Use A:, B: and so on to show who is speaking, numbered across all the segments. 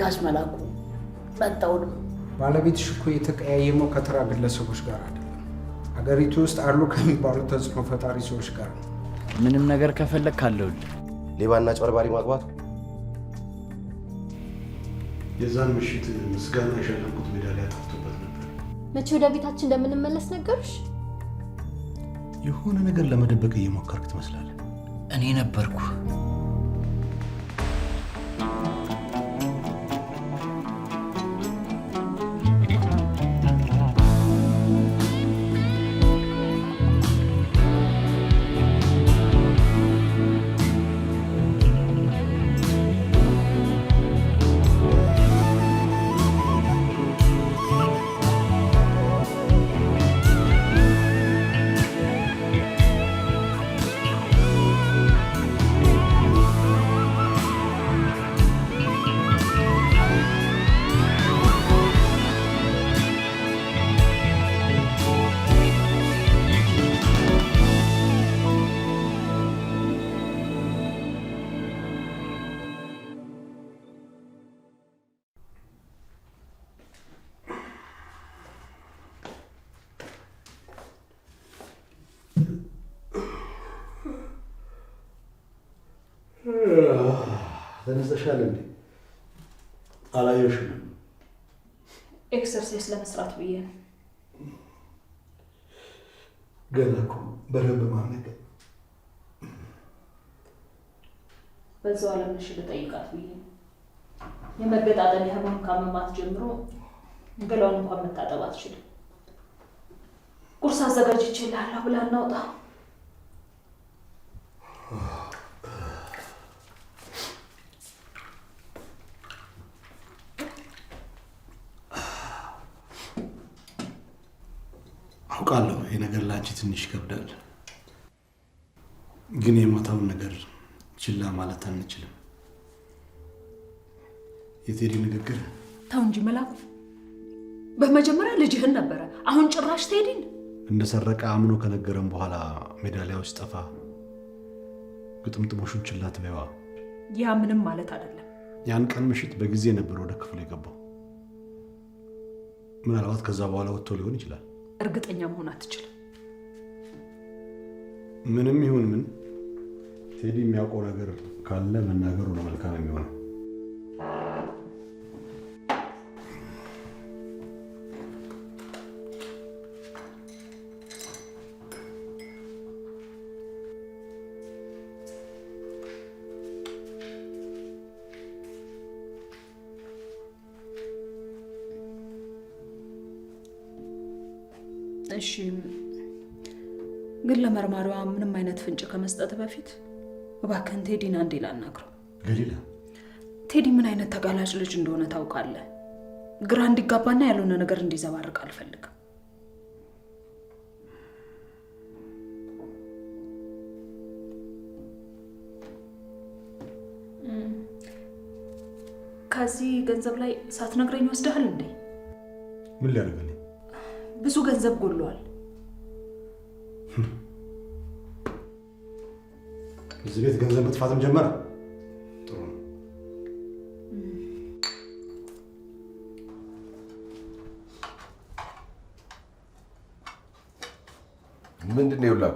A: ጋሽ መላኩ ነው።
B: ባለቤትሽ እኮ የተቀያየመው ከተራ ግለሰቦች ጋር አይደለም፣ አገሪቱ ውስጥ አሉ ከሚባሉ ተጽዕኖ ፈጣሪ ሰዎች ጋር ነው።
C: ምንም ነገር ከፈለግ ካለውል
D: ሌባና ጨርባሪ ማግባቱ
B: የዛን ምሽት ምስጋና የሸለምኩት ሜዳሊያ ጠፍቶበት ነበር።
E: መቼ ወደ ቤታችን እንደምንመለስ ነገሮች
B: የሆነ ነገር ለመደበቅ እየሞከርክ ትመስላለህ።
C: እኔ ነበርኩ
B: አፍዘሻል እንዴ? አላየሽም።
E: ኤክሰርሳይዝ ለመስራት ብዬ ነው።
B: ገና እኮ በደንብ ማነቅ
E: በዛው አለምሽ ልጠይቃት ብዬ ነው። የመገጣጠም ህመም ካመማት ጀምሮ ገላውን እንኳን መታጠብ አትችልም። ቁርስ አዘጋጅቼልሃለሁ ብላ እናውጣ
B: ለአንቺ ትንሽ ይከብዳል፣ ግን የማታውን ነገር ችላ ማለት አንችልም። የቴዲ ንግግር
E: ተው እንጂ መላኩ። በመጀመሪያ ልጅህን ነበረ፣ አሁን ጭራሽ ቴዲን
B: እንደሰረቀ አምኖ ከነገረን በኋላ ሜዳሊያው ሲጠፋ ግጥምጥሞሹን ችላ ትበዋ
E: ያ ምንም ማለት አይደለም።
B: ያን ቀን ምሽት በጊዜ ነበር ወደ ክፍል የገባው። ምናልባት ከዛ በኋላ ወጥቶ ሊሆን ይችላል።
E: እርግጠኛ መሆን አትችልም።
B: ምንም ይሁን ምን ቴዲ የሚያውቀው ነገር ካለ መናገሩ ነው መልካም የሚሆነው።
E: ግን ለመርማሪዋ ምንም አይነት ፍንጭ ከመስጠት በፊት እባክህን ቴዲን አንዴ ላናግረው። ለሌላ ቴዲ ምን አይነት ተጋላጭ ልጅ እንደሆነ ታውቃለህ። ግራ እንዲጋባና ያልሆነ ነገር እንዲዘባርቅ አልፈልግም። ከዚህ ገንዘብ ላይ ሳትነግረኝ ወስደሃል እንዴ? ምን ሊያደርግልኝ? ብዙ ገንዘብ ጎሏል?
B: እዚህ ቤት ገንዘብ መጥፋትም ጀመረ። ጥሩ ነው።
D: ምንድን ነው የሁላ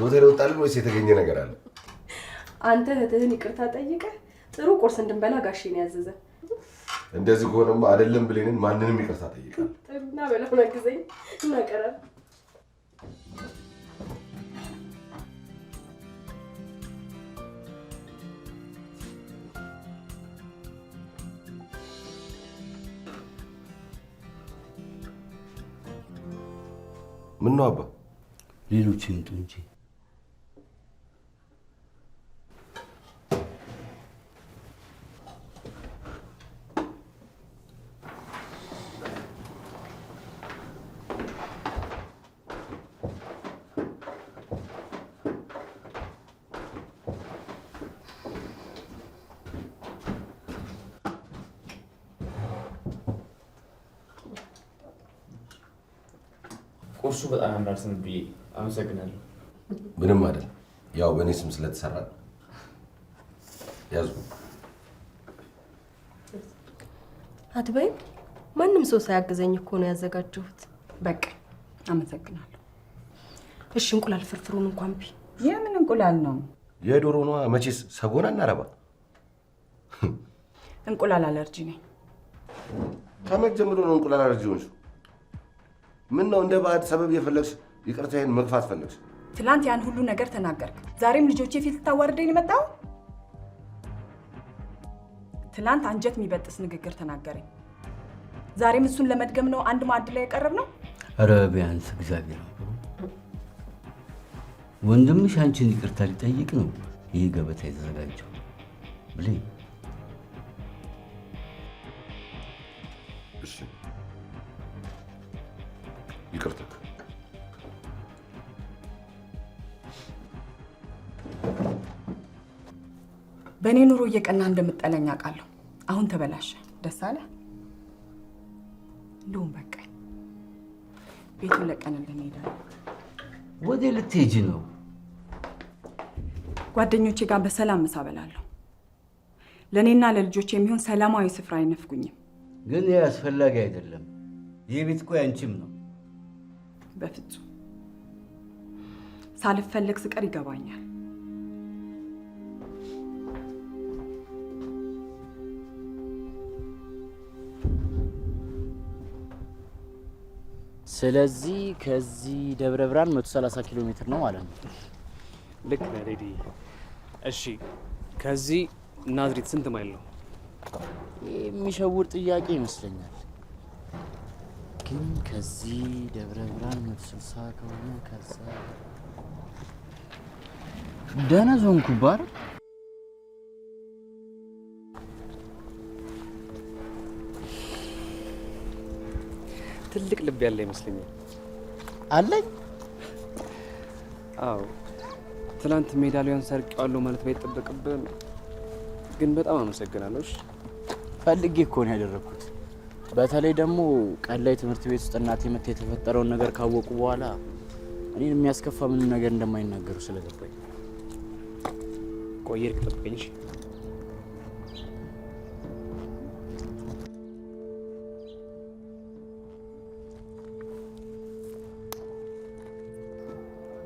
D: ሎተሪ ወጣልን ወይስ የተገኘ ነገር አለ?
E: አንተ እህትህን ይቅርታ ጠይቀ ጥሩ ቁርስ እንድንበላ ጋሼን ያዘዘ።
D: እንደዚህ ከሆነማ አይደለም ብሌንን ማንንም ይቅርታ ጠይቃል።
E: እና በለው ጊዜ እናቀራለን
D: ምን ነው አባ፣
C: ሌሎች ይምጡ እንጂ
F: ጣና እናርስን ብዬ አመሰግናለሁ።
D: ምንም አይደል። ያው በእኔ ስም ስለተሰራ ያዙ
E: አትበይም። ማንም ሰው ሳያግዘኝ እኮ ነው ያዘጋጀሁት። በቃ አመሰግናለሁ። እሺ እንቁላል ፍርፍሩን እንኳን ቢ። የምን እንቁላል ነው?
D: የዶሮ ነዋ። መቼስ ሰጎን አናረባ።
E: እንቁላል አለርጂ ነኝ።
D: ከመቼ ጀምሮ ነው እንቁላል አለርጂ ሆንሽ? ምን ነው እንደ ባዕድ ሰበብ የፈለግሽ ይቅርታዬን መግፋት ፈለግሽ?
E: ትላንት ያን ሁሉ ነገር ተናገርክ፣ ዛሬም ልጆቼ ፊት ልታዋርደኝ የመጣው? ትላንት አንጀት የሚበጥስ ንግግር ተናገረኝ፣ ዛሬም እሱን ለመድገም ነው አንድ ማዕድ ላይ የቀረብ ነው።
C: ኧረ ቢያንስ እግዚአብሔር ወንድምሽ አንቺን ይቅርታ ሊጠይቅ ነው ይህ ገበታ የተዘጋጀው ብለኝ
D: እሺ ይቅርታ።
E: በእኔ ኑሮ እየቀና እንደምጠለኝ አውቃለሁ። አሁን ተበላሸ። ደስ አለ እንዲሁም በቃኝ። ቤቱን ለቀን እንሄዳለን።
C: ወደ ልትሄጂ ነው?
E: ጓደኞቼ ጋር በሰላም ምሳ በላለሁ። ለእኔና ለልጆች የሚሆን ሰላማዊ ስፍራ አይነፍጉኝም።
C: ግን ይህ አስፈላጊ አይደለም። ይህ ቤት እኮ ያንቺም ነው።
E: በፍጹም ሳልፈለግ ስቀር ይገባኛል።
C: ስለዚህ ከዚህ ደብረ ብርሃን 130 ኪሎ ሜትር ነው ማለት ነው።
F: ልክ ነህ ሌዲ። እሺ ከዚህ ናዝሬት ስንት ማይል ነው?
C: የሚሸውር ጥያቄ ይመስለኛል። ግን ከዚህ ደብረ ብርሃን መቶ ስልሳ ከሆነ ከዛ ደህና ዞንኩ ባር
F: ትልቅ ልብ ያለ ይመስለኛል። አለኝ። አዎ ትላንት ሜዳሊያን ሰርቄዋለሁ ማለት ባይጠበቅብን ግን በጣም አመሰግናለሁ።
C: ፈልጌ እኮ ነው በተለይ ደግሞ ቀን ላይ ትምህርት ቤት ውስጥ እናቴ መታ የተፈጠረውን ነገር ካወቁ በኋላ እኔን የሚያስከፋ ምንም ነገር እንደማይናገሩ ስለገባኝ
F: ቆየር ጠብቀኝ።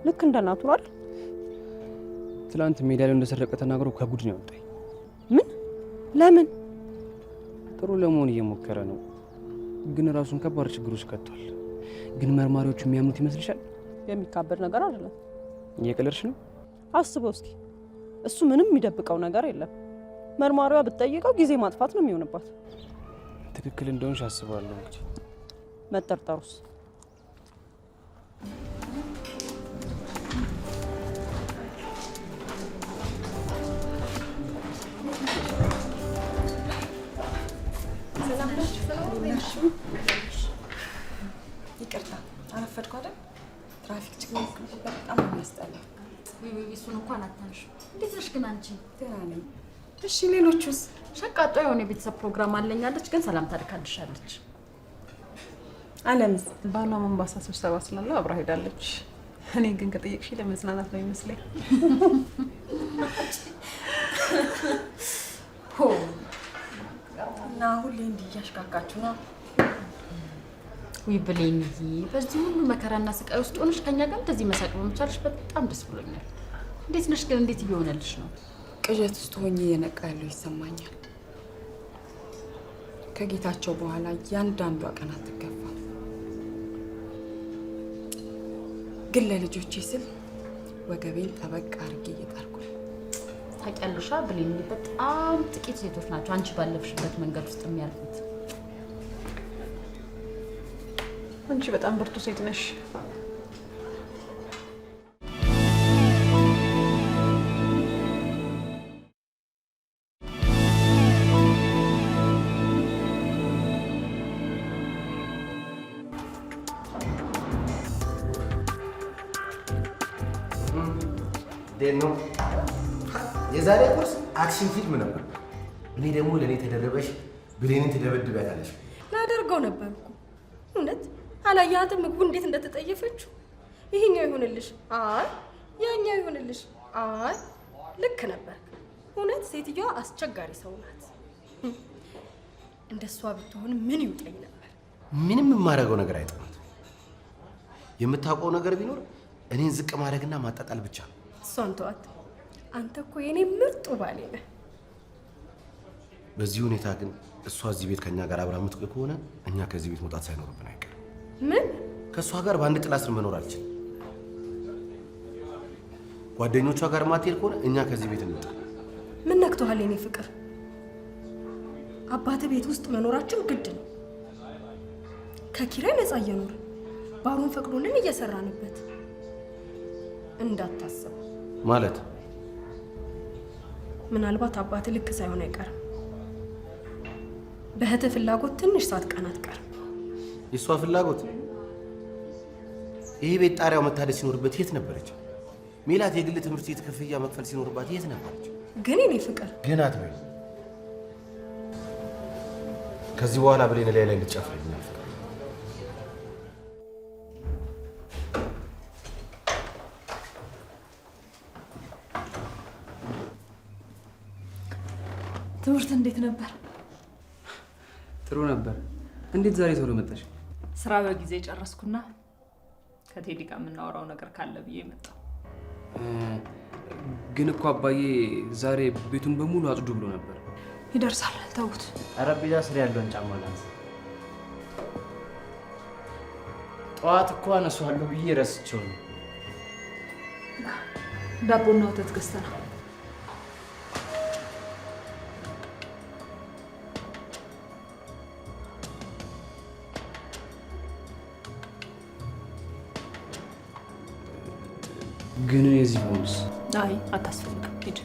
E: ልክ እንደ ናቱራል
F: ትላንት ሜዳ ላይ እንደሰረቀ ተናግሮ ከጉድ ነው ያወጣኝ።
E: ምን ለምን
F: ጥሩ ለመሆን እየሞከረ ነው ግን ራሱን ከባድ ችግር ውስጥ ከቷል። ግን መርማሪዎቹ የሚያምኑት ይመስልሻል?
E: የሚካበድ ነገር አይደለም። እየቀለድሽ ነው። አስበው እስኪ። እሱ ምንም የሚደብቀው ነገር የለም። መርማሪዋ ብትጠይቀው ጊዜ ማጥፋት ነው የሚሆንባት።
F: ትክክል እንደሆንሽ አስባለሁ። እንግዲህ
E: መጠርጠሩስ ይቅርታ አረፈድኩ አይደል? ትራፊክ ችግር በጣም የሚያስጠላው። እሱን እንኳን አታንሽ። እንዴት ነሽ ግን አንቺ? ደህና ነኝ። እሺ ሌሎቹስ? ሸቃጧ የሆነ የቤተሰብ ፕሮግራም አለኛለች፣ ግን ሰላም ታድካልሻለች።
G: አለምስ? ባሏ መንባሳ ስብሰባ ስላለው አብራ ሄዳለች። እኔ ግን ከጠየቅሽ ለመዝናናት ነው ይመስለኝ።
E: እና ሁሌ እንዲህ ነው ውይ ብሌንዬ፣ በዚህ ሁሉ መከራና ስቃይ ውስጥ ሆነሽ ከኛ ጋር እንደዚህ መሳቅ በመቻልሽ በጣም ደስ ብሎኛል። እንዴት ነሽ ግን? እንዴት እየሆነልሽ ነው? ቅዠት ውስጥ ሆኜ የነቃ ያለው ይሰማኛል። ከጌታቸው በኋላ እያንዳንዷ ቀን አትገፋም። ግን ለልጆቼ ስል ወገቤን ጠበቅ አድርጌ እየጣርኩ ነው። ታውቂያለሽ ብሌን፣ በጣም ጥቂት ሴቶች ናቸው አንቺ ባለፍሽበት መንገድ ውስጥ የሚያልፉት አንቺ በጣም ብርቱ ሴት ነሽ።
D: የዛሬ ኮርስ አክሽን ፊልም ነበር። እኔ ደግሞ ለእኔ ተደረበሽ ብሌንን ትደበድቢያታለሽ።
E: ላደርገው ነበርኩ አላየሀትም? ምግቡ እንዴት እንደተጠየፈችው። ይሄኛው ይሁንልሽ፣ አይ ያኛው ይሁንልሽ፣ አይ ልክ ነበር። እውነት ሴትዮዋ አስቸጋሪ ሰው ናት። እንደሷ ብትሆን ምን ይውጠኝ ነበር።
D: ምንም የማደርገው ነገር አይጠማት። የምታውቀው ነገር ቢኖር እኔን ዝቅ ማድረግና ማጣጣል ብቻ።
E: እሷን ተዋት። አንተ እኮ የእኔ ምርጡ ባሌ ነህ።
D: በዚህ ሁኔታ ግን እሷ እዚህ ቤት ከእኛ ጋር አብራ የምትቆይ ከሆነ እኛ ከዚህ ቤት መውጣት ሳይኖርብን አይቀርም። ምን? ከእሷ ጋር በአንድ ጥላ ስር መኖር አልችል። ጓደኞቿ ጋር ማትሄድ ከሆነ እኛ ከዚህ ቤት እንውጣ።
E: ምን ነክቶሃል? የኔ ፍቅር አባት ቤት ውስጥ መኖራችን ግድ ነው። ከኪራይ ነፃ እየኖርን ባሩን ፈቅዶልን እየሰራንበት እንዳታስብ ማለት ምናልባት አባት ልክ ሳይሆን አይቀርም። በእህትህ ፍላጎት ትንሽ ሳትቀና አትቀርም።
D: የእሷ ፍላጎት ይሄ ቤት ጣሪያው መታደስ ሲኖርበት የት ነበረች? ሜላት የግል ትምህርት ቤት ክፍያ መክፈል ሲኖርባት የት ነበረች?
E: ግን እኔ ፍቅር
D: ግን አትበይ። ከዚህ በኋላ ብሌን ላይ ላይ ልትጨፍርብኛል።
E: ትምህርት እንዴት ነበር?
F: ጥሩ ነበር። እንዴት ዛሬ ቶሎ መጣሽ?
E: ስራ በጊዜ ጨረስኩና ከቴዲ ጋር የምናወራው ነገር ካለ ብዬ የመጣው
F: ግን እኮ አባዬ ዛሬ ቤቱን በሙሉ አጽዱ ብሎ ነበር።
E: ይደርሳል፣ ተውት።
F: ጠረጴዛ ስር ያለውን ጫማ ናት። ጠዋት እኮ አነሷለሁ ብዬ ረስቼው ነው።
E: ዳቦና ወተት ገዝተናል። እዚህ መሆንስ? አይ አታስፈልግም፣ ሂድ።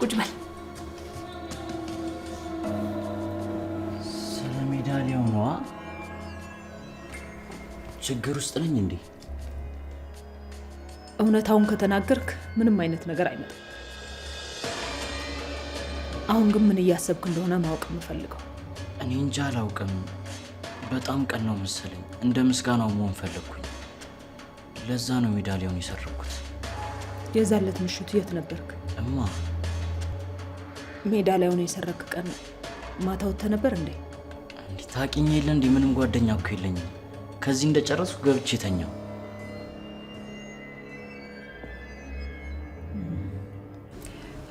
E: ቁጭ በል።
C: ስለ ሜዳሊያው ነዋ። ችግር ውስጥ ነኝ እንዴ?
E: እውነታውን ከተናገርክ ምንም አይነት ነገር አይመጣም። አሁን ግን ምን እያሰብክ እንደሆነ ማወቅ የምፈልገው
C: እኔ እንጃ አላውቅም። በጣም ቀን ነው መሰለኝ። እንደ ምስጋናው መሆን ፈለግኩኝ። ለዛ ነው ሜዳሊያውን የሰረኩት።
E: የዛለት ምሽቱ የት ነበርክ? እማ ሜዳሊያውን የሰረክ ቀን ማታ ወጥተህ ነበር እንዴ?
C: እንዲህ ታውቂኝ የለ እንዴ? ምንም ጓደኛ እኮ የለኝም። ከዚህ እንደጨረስኩ ገብቼ ተኛው።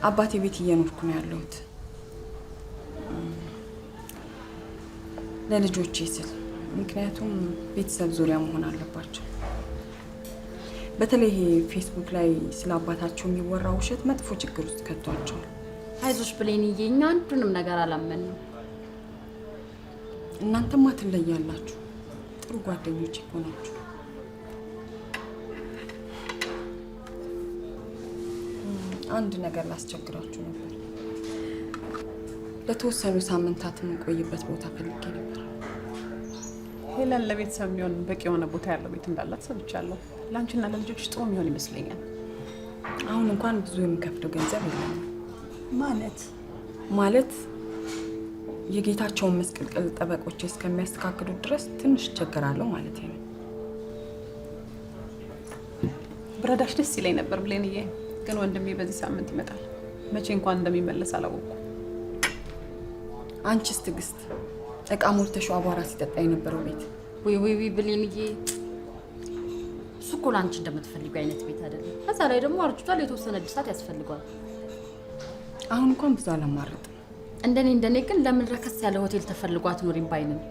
E: አባቴ ቤት እየኖርኩ ነው ያለሁት። ለልጆቼ ስል ምክንያቱም ቤተሰብ ዙሪያ መሆን አለባቸው። በተለይ ፌስቡክ ላይ ስለ አባታቸው የሚወራው ውሸት መጥፎ ችግር ውስጥ ከቷቸዋል። አይዞሽ ብሌንዬ፣ እኛ አንዱንም ነገር አላመንም። እናንተማ ትለያላችሁ፣ ጥሩ ጓደኞች ይሆናችሁ። አንድ ነገር ላስቸግራችሁ ነበር። ለተወሰኑ ሳምንታት የምንቆይበት ቦታ ፈልጌ ነበር። ሄለን ለቤተሰብ የሚሆን በቂ የሆነ ቦታ ያለው ቤት እንዳላት ሰምቻለሁ። ለአንቺና ለልጆች ጥሩ የሚሆን ይመስለኛል። አሁን እንኳን ብዙ የሚከፍለው ገንዘብ የለም። ማለት ማለት የጌታቸውን መስቀልቅል ጠበቆች እስከሚያስተካክሉት ድረስ ትንሽ ቸገራለሁ ማለት ነው። ብረዳሽ ደስ ይለኝ ነበር ብሌንዬ፣ ግን ወንድሜ በዚህ ሳምንት ይመጣል። መቼ እንኳን እንደሚመለስ አላወቁ አንቺስ ትዕግስት እቃ ሞልተሽ አቧራ ሲጠጣ የነበረው ቤት ወይ ወይ ወይ ብል ምዬ እሱ እኮ ለአንቺ እንደምትፈልጊው አይነት ቤት አይደለም። ከዛ ላይ ደግሞ አርጅቷል፣ የተወሰነ እድሳት ያስፈልገዋል። አሁን እንኳን ብዙ አላማረጥም። እንደኔ እንደኔ ግን ለምን ረከስ ያለ ሆቴል ተፈልጎ አትኖሪም ባይንም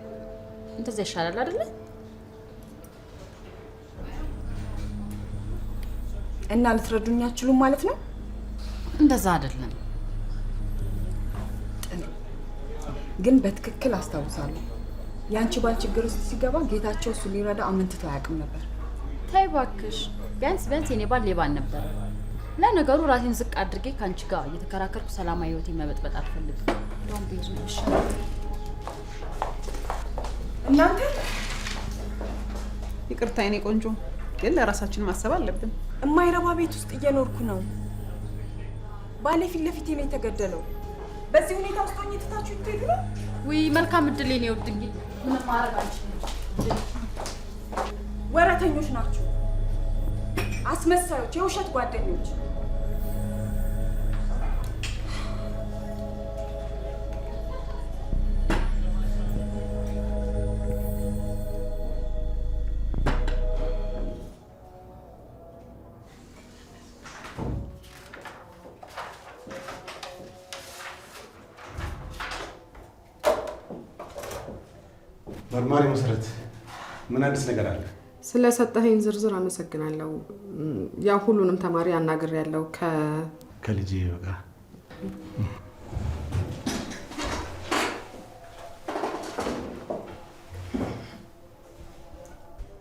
E: እንደዚያ ይሻላል አይደለ? እና ልትረዱኝ አትችሉም ማለት ነው? እንደዛ አይደለም ግን በትክክል አስታውሳለሁ። የአንቺ ባል ችግር ውስጥ ሲገባ ጌታቸው እሱ ሊረዳ አመንትቶ አያውቅም ነበር። ተይ እባክሽ፣ ቢያንስ ቢያንስ የኔ ባል ሌባ ነበር። ለነገሩ ራሴን ዝቅ አድርጌ ከአንቺ ጋር እየተከራከርኩ ሰላማዊ ህይወቴን መበጥበጥ አልፈልግም። እንደውም ቤዙ እናንተ ይቅርታ የኔ ቆንጆ፣ ግን ለራሳችን ማሰብ አለብን። እማይረባ ቤት ውስጥ እየኖርኩ ነው። ባሌ ፊት ለፊቴ ነው የተገደለው። በዚህ ሁኔታ ውስጥ ሆኜ ትታችሁ ትሄዱ ነው? ውይ መልካም እድል የኔ ውድ። ምን ምንም ማድረግ አልችልም። ወረተኞች ናችሁ፣ አስመሳዮች፣ የውሸት ጓደኞች
B: መርማሪ መሰረት ምን አዲስ ነገር አለ?
E: ስለሰጠኸኝ ዝርዝር አመሰግናለሁ። ያው ሁሉንም ተማሪ አናግር ያለው ከ
B: ከልጄ በቃ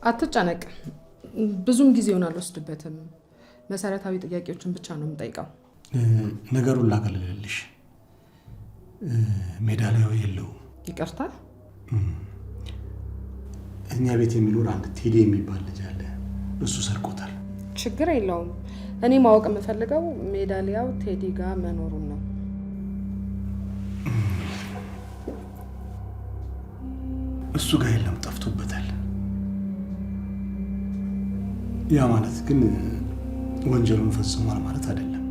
E: አትጨነቅ። ብዙም ጊዜውን አልወስድበትም። መሰረታዊ ጥያቄዎችን ብቻ ነው የምጠይቀው።
B: ነገሩን ላቀልልልሽ ሜዳሊያው የለውም። ይቅርታ እኛ ቤት የሚኖር አንድ ቴዲ የሚባል ልጅ አለ። እሱ ሰርቆታል።
E: ችግር የለውም። እኔ ማወቅ የምፈልገው ሜዳሊያው ቴዲ ጋር መኖሩን ነው።
B: እሱ ጋር የለም፣ ጠፍቶበታል። ያ ማለት ግን ወንጀሉን ፈጽሟል ማለት አይደለም።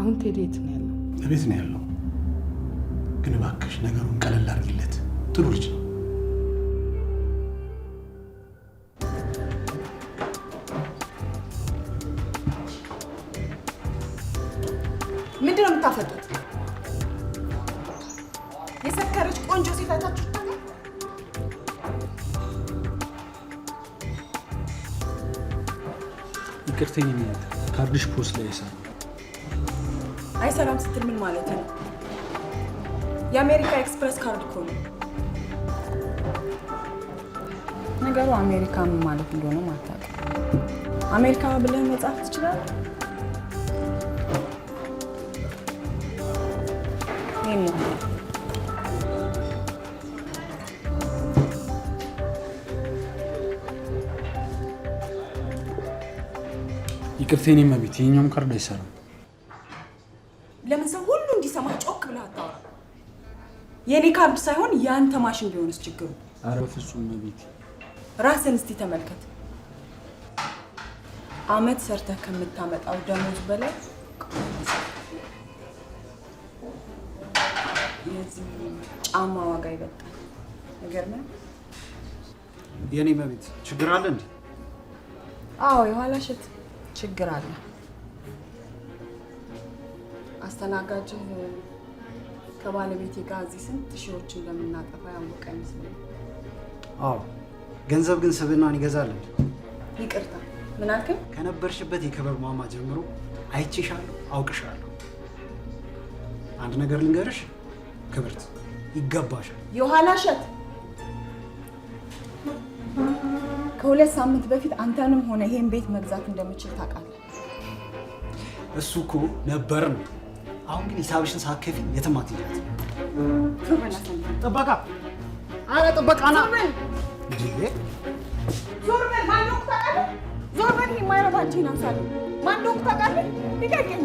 E: አሁን ቴዲ የት ነው ያለው?
B: እቤት ነው ያለው። ግን እባክሽ ነገሩን ቀለል አድርጊለት። ጥሩ ልጅ ነው።
F: አክስቴን ካርድሽ ፖስት ላይ ይሰራል።
E: አይሰራም ስትል ምን ማለት ነው? የአሜሪካ ኤክስፕረስ ካርድ እኮ ነው ነገሩ። አሜሪካ ምን ማለት እንደሆነ ማታቅ። አሜሪካ ብለህ መጻፍ ይህ ይህን
F: ይቅርታ የኔ መቤት፣ ይሄኛውም ካርድ አይሰራም።
E: ለምን ሰው ሁሉ እንዲሰማ ጮክ ብለህ አታወራ? የኔ ካርድ ሳይሆን የአንተ ማሽን ቢሆንስ ችግሩ?
F: አረ በፍጹም መቤት፣
E: ራስን እስቲ ተመልከት። አመት ሰርተህ ከምታመጣው ደሞዝ በላይ የዚህ ጫማ ዋጋ ይበልጣል። ነገር ነው
F: መቤት፣ ችግር አለ እንዴ?
E: አዎ የኋላ እሸት ችግር አለ። አስተናጋጅህ ከባለቤቴ ጋር እዚህ ስንት ሺዎች እንደምናጠፋ ያወቀ ይመስለኛል።
F: አዎ፣ ገንዘብ ግን ስብናን ይገዛል።
E: ይቅርታ፣ ምን አልከኝ?
F: ከነበርሽበት የከበር ማማ ጀምሮ አይቼሻለሁ፣ አውቅሻለሁ። አንድ ነገር ልንገርሽ ክብርት፣ ይገባሻል።
E: የኋላ እሸት ከሁለት ሳምንት በፊት አንተንም ሆነ ይሄን ቤት መግዛት እንደምችል ታውቃለህ።
F: እሱ እኮ ነበር ነው። አሁን ግን ሂሳብሽን ሳከፊ የትም አትሄጃትም። ጥበቃ አረ ጥበቃ ና ዞርበል፣ በል።
E: ማን ነው የማይረባ አንቺን አምሳለሁ። ማን ነው ታውቃለህ? ንገረኝ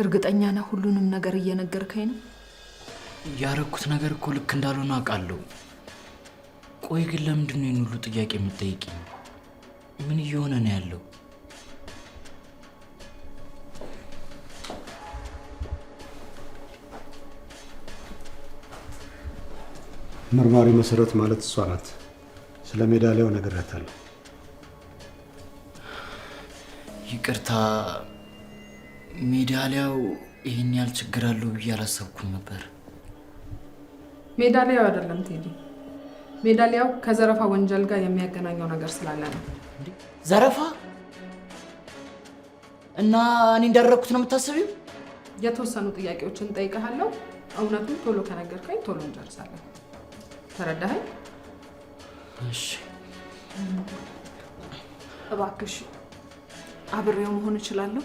E: እርግጠኛ ነህ? ሁሉንም ነገር እየነገርከኝ ነው?
C: ያረኩት ነገር እኮ ልክ እንዳልሆነ አውቃለሁ። ቆይ ግን ለምንድን ነው ይህን ሁሉ ጥያቄ የምጠይቅኝ? ምን እየሆነ ነው ያለው?
B: መርማሪ መሰረት ማለት እሷ ናት። ስለ ሜዳሊያው ነግሬያታለሁ።
C: ይቅርታ ሜዳሊያው ይህን ያህል ችግር አለው ብዬ አላሰብኩም ነበር።
E: ሜዳሊያው አይደለም ቴዲ፣ ሜዳሊያው ከዘረፋ ወንጀል ጋር የሚያገናኘው ነገር ስላለ ነው።
C: ዘረፋ እና እኔ እንዳደረግኩት ነው የምታስቢው?
E: የተወሰኑ ጥያቄዎችን ጠይቀሃለሁ። እውነቱን ቶሎ ከነገርከኝ ቶሎ እንጨርሳለን። ተረዳኸኝ? እሺ እባክሽ፣ አብሬው መሆን እችላለሁ?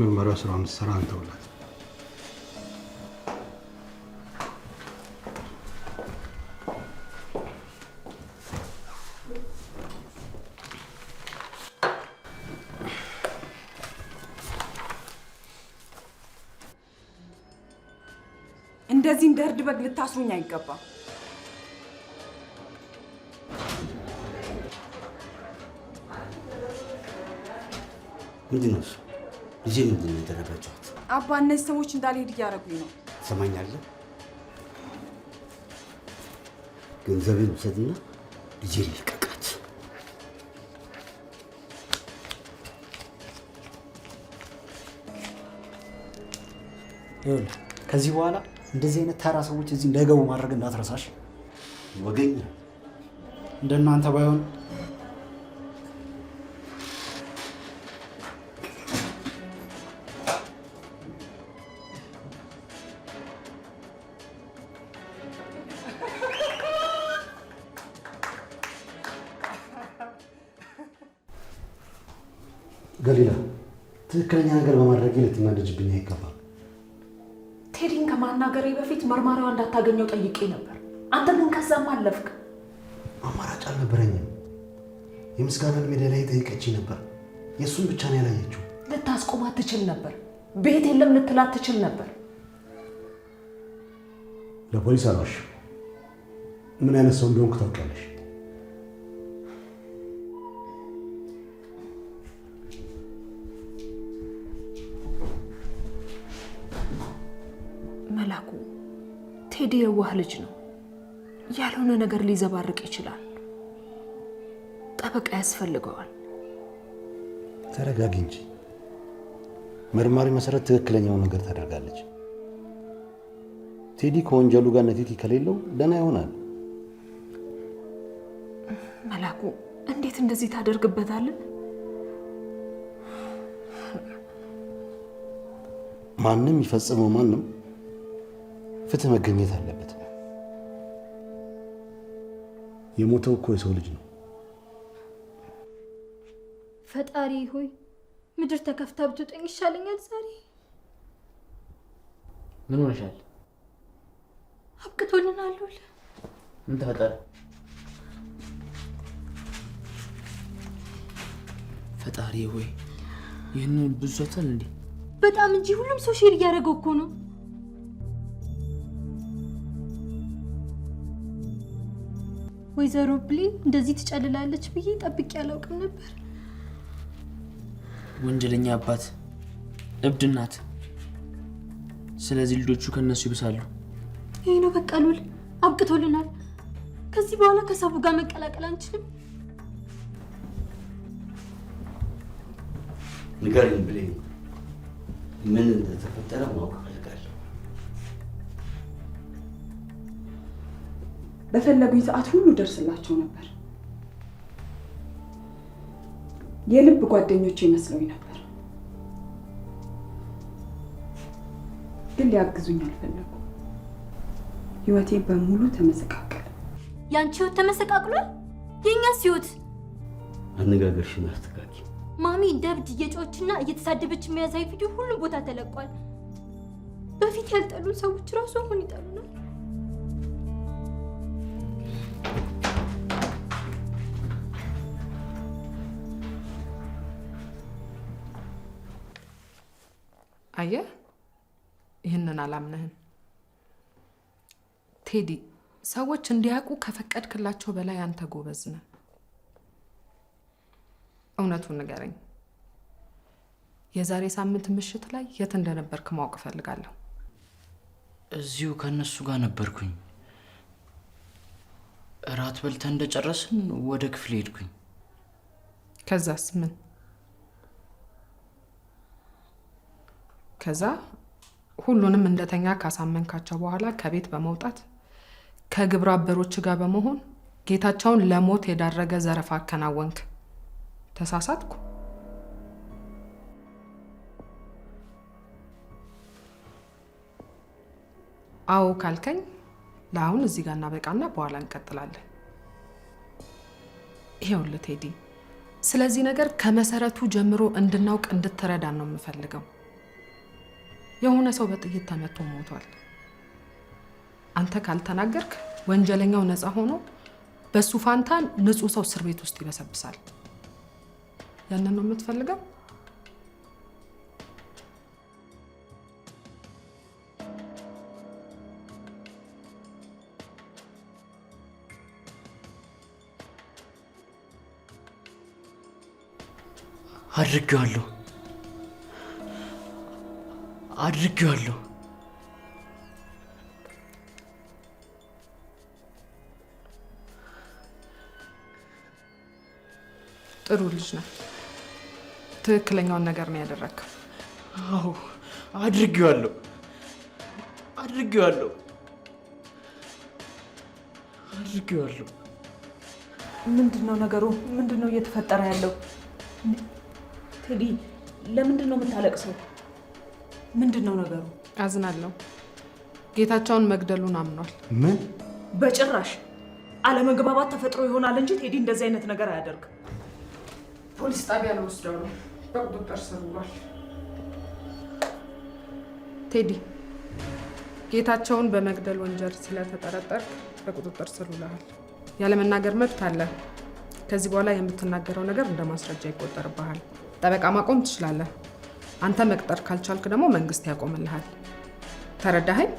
B: ምርመራ ስራ ስራ አንተውላት።
E: እንደዚህ እንደ እርድ በግ ልታስሩኝ አይገባም።
D: ምንድን ነው እሱ? ልጄ ምንድን ነው የደረጋችኋት?
E: አባ እነዚህ ሰዎች እንዳልሄድ እያደረጉኝ ነው።
D: ትሰማኛለህ? ገንዘቤን ውሰድና ልጄ ልቀቃት።
F: ይኸውልህ ከዚህ በኋላ እንደዚህ አይነት ተራ ሰዎች እዚህ እንዳይገቡ ማድረግ እንዳትረሳሽ። ወገኛ እንደናንተ ባይሆን
E: እንዳገኘው ጠይቄ ነበር። አንተ ግን ከዛም አለፍክ።
B: አማራጭ አልነበረኝም። የምስጋናን ሜዳ ላይ ጠይቀች ነበር። የእሱን ብቻ ነው ያላየችው።
E: ልታስቆማት ትችል ነበር። ቤት የለም ልትላት ትችል ነበር።
B: ለፖሊስ አልዋሽ። ምን አይነት ሰው እንደሆንኩ ታውቂያለሽ።
E: ሄደ የዋህ ልጅ ነው። ያልሆነ ነገር ሊዘባርቅ ይችላል። ጠበቃ ያስፈልገዋል።
B: ተረጋጊ እንጂ መርማሪ መሰረት ትክክለኛውን ነገር ታደርጋለች። ቴዲ ከወንጀሉ ጋር ነቲቲ ከሌለው ደህና ይሆናል።
E: መላኩ እንዴት እንደዚህ ታደርግበታለን?
B: ማንም ይፈጽመው ማንም ፍትህ መገኘት አለበት። የሞተው እኮ የሰው ልጅ ነው።
E: ፈጣሪ ሆይ ምድር ተከፍታ ብትወጠኝ ይሻለኛል። ዛሬ ምን ሆነሻል? አብቅቶልናል። አሉል
C: ምን ተፈጠረ? ፈጣሪ ሆይ ይህንን ብዙ ሰተን እንዴ!
E: በጣም እንጂ ሁሉም ሰው ሼር እያደረገው እኮ ነው ወይዘሮ ብሌን እንደዚህ ትጨልላለች ብዬ ጠብቄ አላውቅም ነበር።
C: ወንጀለኛ አባት፣ እብድ እናት። ስለዚህ ልጆቹ ከነሱ ይብሳሉ።
E: ይህ ነው በቃ ሉል፣ አብቅቶልናል። ከዚህ በኋላ ከሰቡ ጋር መቀላቀል አንችልም።
D: ንገሪኝ ብሌን፣ ምን እንደተፈጠረ ማወቅ
E: በፈለጉኝ ሰዓት ሁሉ ደርስላቸው ነበር። የልብ ጓደኞች ይመስለኝ ነበር፣ ግን ሊያግዙኝ አልፈለጉ። ህይወቴ በሙሉ ተመሰቃቀለ። ያንቺ ህይወት ተመሰቃቅሏል። የእኛስ ህይወት
D: አነጋገርሽን አስተካኪ።
E: ማሚ ደብድ እየጮችና እየተሳደበች የሚያሳይ ቪዲዮ ሁሉም ቦታ ተለቋል። በፊት ያልጠሉን ሰዎች ራሱ አሁን ይጠሉናል። አየህ፣ ይህንን አላምንህም ቴዲ። ሰዎች እንዲያውቁ ከፈቀድክላቸው በላይ አንተ ጎበዝ ነህ። እውነቱን ንገረኝ። የዛሬ ሳምንት ምሽት ላይ የት እንደነበርክ ማወቅ እፈልጋለሁ።
C: እዚሁ ከእነሱ ጋር ነበርኩኝ። እራት በልተን እንደጨረስን ወደ ክፍል ሄድኩኝ።
E: ከዛስ ምን? ከዛ ሁሉንም እንደተኛ ካሳመንካቸው በኋላ ከቤት በመውጣት ከግብረ አበሮች ጋር በመሆን ጌታቸውን ለሞት የዳረገ ዘረፋ አከናወንክ። ተሳሳትኩ? አዎ ካልከኝ ለአሁን እዚህ ጋር እናበቃና በኋላ እንቀጥላለን። ይሄውልህ ቴዲ፣ ስለዚህ ነገር ከመሰረቱ ጀምሮ እንድናውቅ እንድትረዳን ነው የምፈልገው። የሆነ ሰው በጥይት ተመቶ ሞቷል። አንተ ካልተናገርክ ወንጀለኛው ነፃ ሆኖ በሱ ፋንታ ንጹህ ሰው እስር ቤት ውስጥ ይበሰብሳል። ያንን ነው የምትፈልገው?
C: አድርጌዋለሁ። አድርጌዋለሁ።
E: ጥሩ ልጅ ነው። ትክክለኛውን ነገር ነው ያደረግከው።
C: አዎ አድርጌዋለሁ፣ አድርጌዋለሁ፣ አድርጌዋለሁ።
E: ምንድን ነው ነገሩ? ምንድን ነው እየተፈጠረ ያለው? ቴዲ፣ ለምንድን ነው የምታለቅሰው? ምንድን ነው ነገሩ? አዝናለሁ። ጌታቸውን መግደሉን አምኗል። ምን? በጭራሽ አለመግባባት ተፈጥሮ ይሆናል እንጂ ቴዲ እንደዚህ አይነት ነገር አያደርግም። ፖሊስ ጣቢያ ነው ወስደው ነው በቁጥጥር ስር ውሏል። ቴዲ ጌታቸውን በመግደል ወንጀል ስለተጠረጠር በቁጥጥር ስር ውለሃል። ያለመናገር መብት አለ። ከዚህ በኋላ የምትናገረው ነገር እንደ ማስረጃ ይቆጠርብሃል። ጠበቃ ማቆም ትችላለህ። አንተ መቅጠር ካልቻልክ ደግሞ መንግስት ያቆምልሃል። ተረዳኸኝ?